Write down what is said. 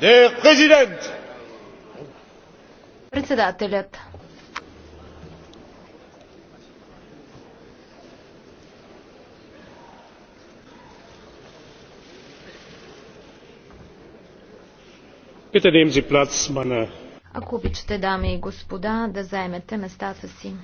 Президент! Председателят. Ако обичате, дами и господа, да заемете местата си.